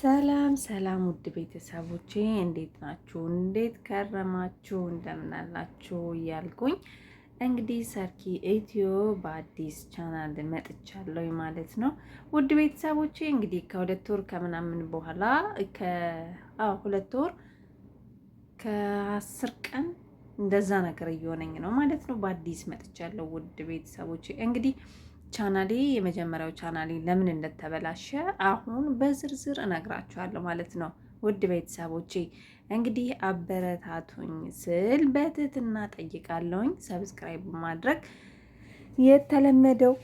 ሰላም ሰላም ውድ ቤተሰቦቼ እንዴት ናችሁ? እንዴት ከረማችሁ? እንደምናላችሁ እያልኩኝ እንግዲህ ሰርኪ ኢትዮ በአዲስ ቻናል መጥቻለሁ ማለት ነው። ውድ ቤተሰቦቼ እንግዲህ ከሁለት ወር ከምናምን በኋላ ሁለት ወር ከአስር ቀን እንደዛ ነገር እየሆነኝ ነው ማለት ነው። በአዲስ መጥቻለሁ ውድ ቤተሰቦቼ እንግዲህ ቻናሌ የመጀመሪያው ቻናሌ ለምን እንደተበላሸ አሁን በዝርዝር እነግራችኋለሁ ማለት ነው። ውድ ቤተሰቦቼ እንግዲህ አበረታቱኝ ስል በትህትና ጠይቃለሁኝ። ሰብስክራይብ ማድረግ የተለመደው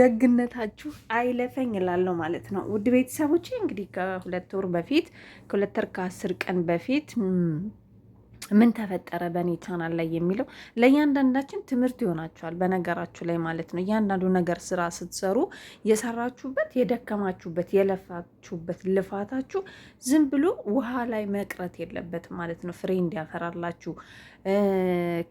ደግነታችሁ አይለፈኝ እላለሁ ማለት ነው። ውድ ቤተሰቦቼ እንግዲህ ከሁለት ወር በፊት ከሁለት ወር ከአስር ቀን በፊት ምን ተፈጠረ በእኔ ቻናል ላይ የሚለው ለእያንዳንዳችን ትምህርት ይሆናችኋል። በነገራችሁ ላይ ማለት ነው እያንዳንዱ ነገር ስራ ስትሰሩ የሰራችሁበት፣ የደከማችሁበት፣ የለፋችሁበት ልፋታችሁ ዝም ብሎ ውሃ ላይ መቅረት የለበትም ማለት ነው ፍሬ እንዲያፈራላችሁ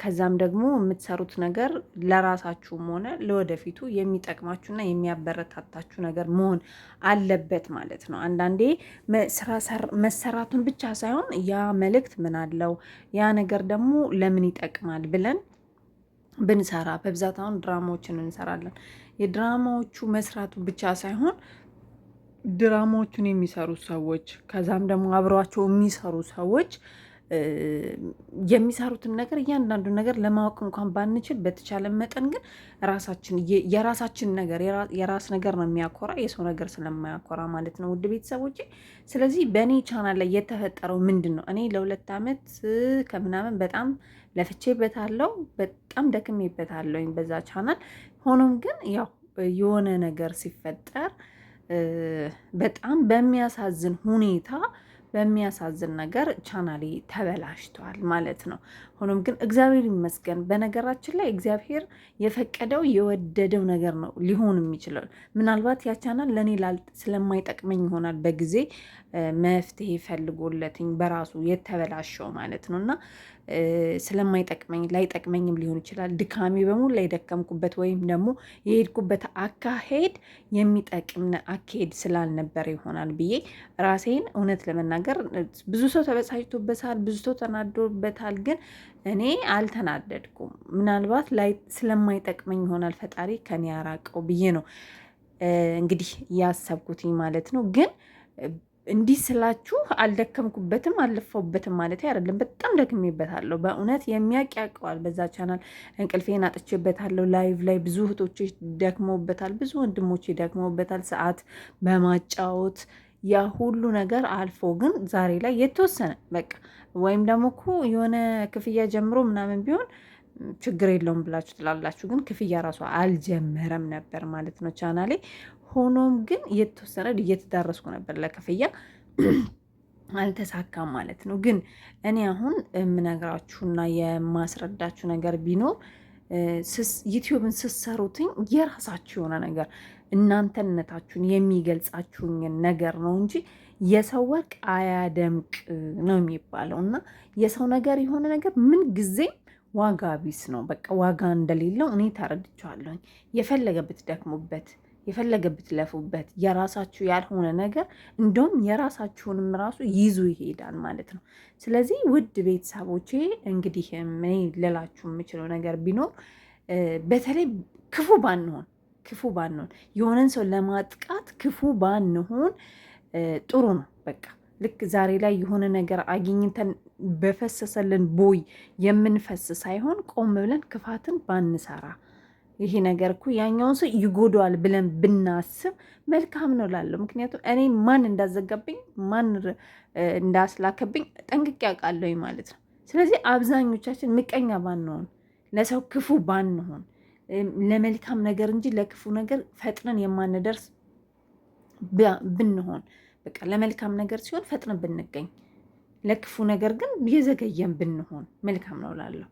ከዛም ደግሞ የምትሰሩት ነገር ለራሳችሁም ሆነ ለወደፊቱ የሚጠቅማችሁና የሚያበረታታችሁ ነገር መሆን አለበት ማለት ነው። አንዳንዴ መሰራቱን ብቻ ሳይሆን ያ መልእክት ምን አለው፣ ያ ነገር ደግሞ ለምን ይጠቅማል ብለን ብንሰራ በብዛት አሁን ድራማዎችን እንሰራለን። የድራማዎቹ መስራቱ ብቻ ሳይሆን ድራማዎቹን የሚሰሩ ሰዎች ከዛም ደግሞ አብሯቸው የሚሰሩ ሰዎች የሚሰሩትን ነገር እያንዳንዱ ነገር ለማወቅ እንኳን ባንችል በተቻለ መጠን ግን ራሳችን የራሳችን ነገር የራስ ነገር ነው የሚያኮራ የሰው ነገር ስለማያኮራ ማለት ነው፣ ውድ ቤተሰቦች፣ ስለዚህ በእኔ ቻናል ላይ የተፈጠረው ምንድን ነው? እኔ ለሁለት ዓመት ከምናምን በጣም ለፍቼበታለሁ፣ በጣም ደክሜበታለሁኝ በዛ ቻናል። ሆኖም ግን ያው የሆነ ነገር ሲፈጠር በጣም በሚያሳዝን ሁኔታ በሚያሳዝን ነገር ቻናሌ ተበላሽቷል ማለት ነው። ሆኖም ግን እግዚአብሔር ይመስገን። በነገራችን ላይ እግዚአብሔር የፈቀደው የወደደው ነገር ነው ሊሆን የሚችለው። ምናልባት ያ ቻናል ለእኔ ስለማይጠቅመኝ ይሆናል በጊዜ መፍትሄ ፈልጎለትኝ በራሱ የተበላሸው ማለት ነው እና ስለማይጠቅመኝ ላይጠቅመኝም ሊሆን ይችላል። ድካሚ በሙሉ ላይ ደከምኩበት ወይም ደግሞ የሄድኩበት አካሄድ የሚጠቅም አካሄድ ስላልነበረ ይሆናል ብዬ ራሴን እውነት ለመናገር ነገር ብዙ ሰው ተበሳጭቶበታል፣ ብዙ ሰው ተናዶበታል። ግን እኔ አልተናደድኩም። ምናልባት ላይ ስለማይጠቅመኝ ይሆናል ፈጣሪ ከኔ ያራቀው ብዬ ነው እንግዲህ ያሰብኩትኝ ማለት ነው። ግን እንዲህ ስላችሁ አልደከምኩበትም አልለፋውበትም ማለት አይደለም። በጣም ደክሜበታለሁ። በእውነት የሚያውቅ ያውቀዋል። በዛ ቻናል እንቅልፌን አጥቼበታለሁ። ላይቭ ላይ ብዙ እህቶች ደክመውበታል፣ ብዙ ወንድሞች ደክመውበታል። ሰዓት በማጫወት ያ ሁሉ ነገር አልፎ ግን ዛሬ ላይ የተወሰነ በቃ ወይም ደግሞ እኮ የሆነ ክፍያ ጀምሮ ምናምን ቢሆን ችግር የለውም ብላችሁ ትላላችሁ። ግን ክፍያ ራሱ አልጀመረም ነበር ማለት ነው ቻናሌ። ሆኖም ግን የተወሰነ እየተዳረስኩ ነበር ለክፍያ አልተሳካም ማለት ነው። ግን እኔ አሁን የምነግራችሁና የማስረዳችሁ ነገር ቢኖር ዩትዩብን ስሰሩትኝ የራሳችሁ የሆነ ነገር እናንተነታችሁን የሚገልጻችሁኝን ነገር ነው እንጂ የሰው ወርቅ አያደምቅ ነው የሚባለው እና የሰው ነገር የሆነ ነገር ምን ጊዜም ዋጋ ቢስ ነው። በቃ ዋጋ እንደሌለው እኔ ተረድቻለሁኝ። የፈለገ ብትደክሙበት የፈለገ ብትለፉበት የራሳችሁ ያልሆነ ነገር እንደውም የራሳችሁንም ራሱ ይዞ ይሄዳል ማለት ነው። ስለዚህ ውድ ቤተሰቦቼ እንግዲህ እኔ ልላችሁ የምችለው ነገር ቢኖር በተለይ ክፉ ባንሆን ክፉ ባንሆን፣ የሆነን ሰው ለማጥቃት ክፉ ባንሆን ጥሩ ነው። በቃ ልክ ዛሬ ላይ የሆነ ነገር አግኝተን በፈሰሰልን ቦይ የምንፈስ ሳይሆን ቆም ብለን ክፋትን ባንሰራ ይሄ ነገር እኮ ያኛውን ሰው ይጎዳዋል ብለን ብናስብ መልካም ነው ላለው። ምክንያቱም እኔ ማን እንዳዘጋብኝ ማን እንዳስላከብኝ ጠንቅቄ አውቃለሁ ማለት ነው። ስለዚህ አብዛኞቻችን ምቀኛ ባንሆን፣ ለሰው ክፉ ባንሆን ለመልካም ነገር እንጂ ለክፉ ነገር ፈጥነን የማንደርስ ብንሆን በቃ ለመልካም ነገር ሲሆን ፈጥነን ብንገኝ፣ ለክፉ ነገር ግን የዘገየን ብንሆን መልካም ነው እላለሁ።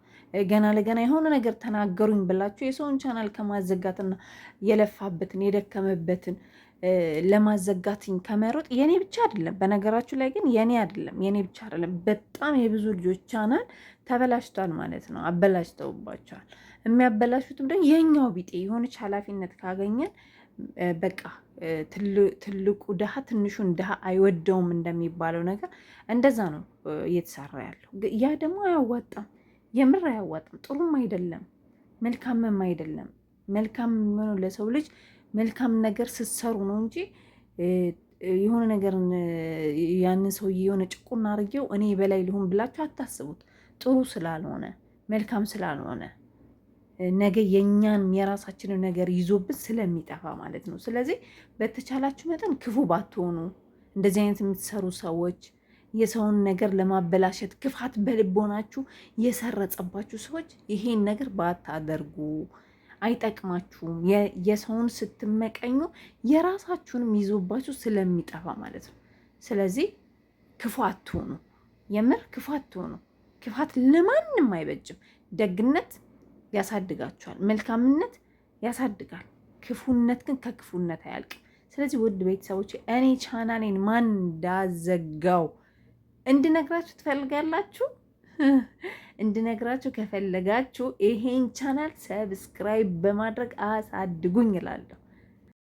ገና ለገና የሆነ ነገር ተናገሩኝ ብላችሁ የሰውን ቻናል ከማዘጋትና የለፋበትን የደከመበትን ለማዘጋትኝ ከመሮጥ የኔ ብቻ አይደለም። በነገራችሁ ላይ ግን የኔ አይደለም የኔ ብቻ አይደለም። በጣም የብዙ ልጆች ቻናል ተበላሽቷል ማለት ነው። አበላሽተውባቸዋል። የሚያበላሹትም ደግሞ የኛው ቢጤ የሆነች ኃላፊነት ካገኘን በቃ ትልቁ ድሀ ትንሹን ድሀ አይወደውም እንደሚባለው ነገር እንደዛ ነው እየተሰራ ያለው። ያ ደግሞ አያዋጣም። የምር አያዋጥም። ጥሩም አይደለም፣ መልካምም አይደለም። መልካም የሚሆነው ለሰው ልጅ መልካም ነገር ስትሰሩ ነው እንጂ የሆነ ነገር ያንን ሰውዬ የሆነ ጭቁና አድርጌው እኔ በላይ ሊሆን ብላችሁ አታስቡት። ጥሩ ስላልሆነ መልካም ስላልሆነ ነገ የእኛን የራሳችንን ነገር ይዞብን ስለሚጠፋ ማለት ነው። ስለዚህ በተቻላችሁ መጠን ክፉ ባትሆኑ እንደዚህ አይነት የምትሰሩ ሰዎች የሰውን ነገር ለማበላሸት ክፋት በልቦናችሁ የሰረጸባችሁ ሰዎች ይሄን ነገር ባታደርጉ አይጠቅማችሁም። የሰውን ስትመቀኙ የራሳችሁንም ይዞባችሁ ስለሚጠፋ ማለት ነው። ስለዚህ ክፉ አትሆኑ፣ የምር ክፉ አትሆኑ። ክፋት ለማንም አይበጅም። ደግነት ያሳድጋችኋል፣ መልካምነት ያሳድጋል። ክፉነት ግን ከክፉነት አያልቅም። ስለዚህ ውድ ቤተሰቦች እኔ ቻናሌን ማን እንዳዘጋው እንድነግራችሁ ትፈልጋላችሁ? እንድነግራችሁ ከፈለጋችሁ ይሄን ቻናል ሰብስክራይብ በማድረግ አሳድጉኝ እላለሁ።